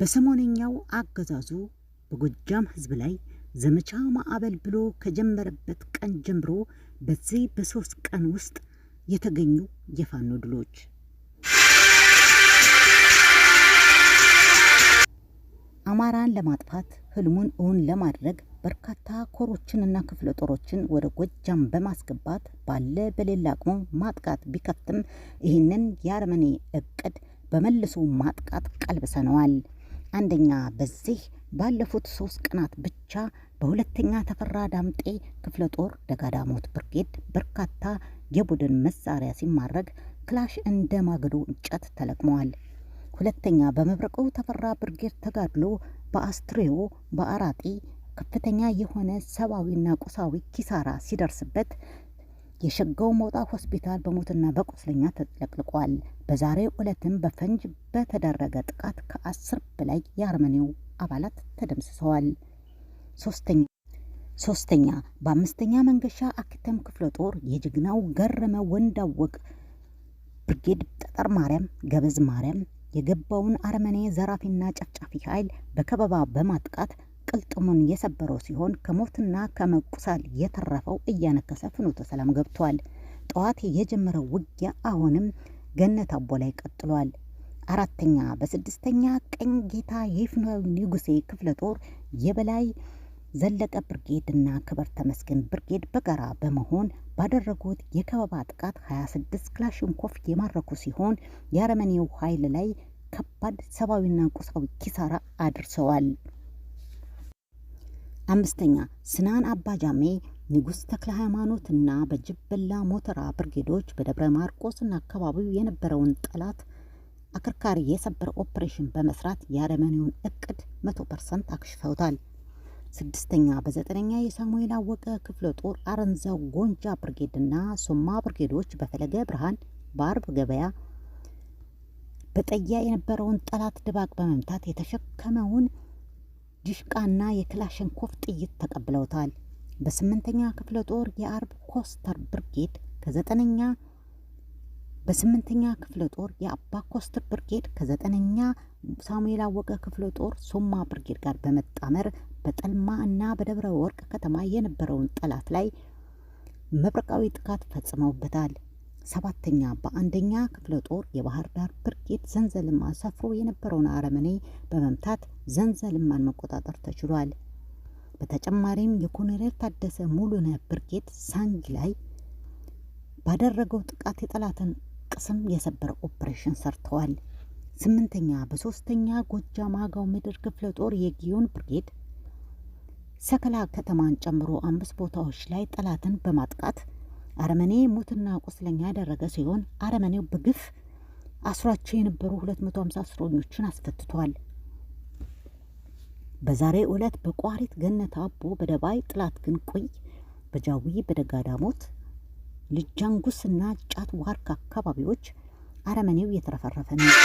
በሰሞነኛው አገዛዙ በጎጃም ህዝብ ላይ ዘመቻ ማዕበል ብሎ ከጀመረበት ቀን ጀምሮ በዚህ በሶስት ቀን ውስጥ የተገኙ የፋኖ ድሎች አማራን ለማጥፋት ህልሙን እውን ለማድረግ በርካታ ኮሮችንና ክፍለ ጦሮችን ወደ ጎጃም በማስገባት ባለ በሌላ አቅሙ ማጥቃት ቢከፍትም ይህንን የአረመኔ እቅድ በመልሶ ማጥቃት ቀልብሰነዋል። አንደኛ በዚህ ባለፉት ሶስት ቀናት ብቻ በሁለተኛ ተፈራ ዳምጤ ክፍለ ጦር ደጋዳሞት ብርጌድ በርካታ የቡድን መሳሪያ ሲማረግ ክላሽ እንደ ማገዶ እንጨት ተለቅመዋል። ሁለተኛ በመብረቁ ተፈራ ብርጌድ ተጋድሎ በአስትሬዮ በአራጢ ከፍተኛ የሆነ ሰብአዊና ቁሳዊ ኪሳራ ሲደርስበት የሸገው ሞጣ ሆስፒታል በሞትና በቁስለኛ ተጥለቅልቋል። በዛሬው ዕለትም በፈንጅ በተደረገ ጥቃት ከአስር በላይ የአርመኒው አባላት ተደምስሰዋል። ሶስተኛ ሶስተኛ በአምስተኛ መንገሻ አክተም ክፍለ ጦር የጀግናው ገረመ ወንዳወቅ ብርጌድ ጠጠር ማርያም ገበዝ ማርያም የገባውን አርመኔ ዘራፊና ጨፍጫፊ ኃይል በከበባ በማጥቃት ቅልጥሙን የሰበረው ሲሆን ከሞትና ከመቁሰል የተረፈው እያነከሰ ፍኖተ ሰላም ገብቷል። ጠዋት የጀመረው ውጊያ አሁንም ገነት አቦ ላይ ቀጥሏል። አራተኛ በስድስተኛ ቀኝ ጌታ የፍኖዊ ንጉሴ ክፍለ ጦር የበላይ ዘለቀ ብርጌድ እና ክበር ተመስገን ብርጌድ በጋራ በመሆን ባደረጉት የከበባ ጥቃት 26 ክላሽንኮፍ የማረኩ ሲሆን የአረመኔው ኃይል ላይ ከባድ ሰብአዊና ቁሳዊ ኪሳራ አድርሰዋል። አምስተኛ ስናን አባጃሜ ንጉሥ ተክለ ሃይማኖትና በጅበላ ሞተራ ብርጌዶች በደብረ ማርቆስና አካባቢው የነበረውን ጠላት አከርካሪ የሰበር ኦፕሬሽን በመስራት የአረመኔውን እቅድ መቶ ፐርሰንት አክሽፈውታል። ስድስተኛ በዘጠነኛ የሳሙኤል አወቀ ክፍለ ጦር አረንዛው ጎንጃ ብርጌድና ሶማ ብርጌዶች በፈለገ ብርሃን በአርብ ገበያ በጠያ የነበረውን ጠላት ድባቅ በመምታት የተሸከመውን ዲሽቃና ኮፍ ጥይት ተቀብለውታል። በስምንተኛ ክፍለ ጦር የአርብ ኮስተር ብርጌድ ከዘጠነኛ በስምንተኛ ክፍለ ጦር የአባ ኮስተር ብርጌድ ከዘጠነኛ ሳሙኤል አወቀ ክፍለ ጦር ሶማ ብርጌድ ጋር በመጣመር በጠልማ እና በደብረ ወርቅ ከተማ የነበረውን ጠላት ላይ መብረቃዊ ጥቃት ፈጽመውበታል። ሰባተኛ በአንደኛ ክፍለ ጦር የባህር ዳር ብርጌድ ዘንዘልማ ሰፍሮ የነበረውን አረመኔ በመምታት ዘንዘልማን መቆጣጠር ተችሏል። በተጨማሪም የኮሎኔል ታደሰ ሙሉነ ብርጌድ ሳንጊ ላይ ባደረገው ጥቃት የጠላትን ቅስም የሰበረ ኦፕሬሽን ሰርተዋል። ስምንተኛ በሶስተኛ ጎጃም አገው ምድር ክፍለ ጦር የጊዮን ብርጌድ ሰከላ ከተማን ጨምሮ አምስት ቦታዎች ላይ ጠላትን በማጥቃት አረመኔ ሙትና ቁስለኛ ያደረገ ሲሆን አረመኔው በግፍ አስሯቸው የነበሩ 250 እስረኞችን አስፈትቷል። በዛሬ ዕለት በቋሪት ገነት አቦ፣ በደባይ ጥላት ግን ቆይ፣ በጃዊ በደጋዳሞት ልጃንጉስና ጫት ዋርካ አካባቢዎች አረመኔው እየተረፈረፈ ነው።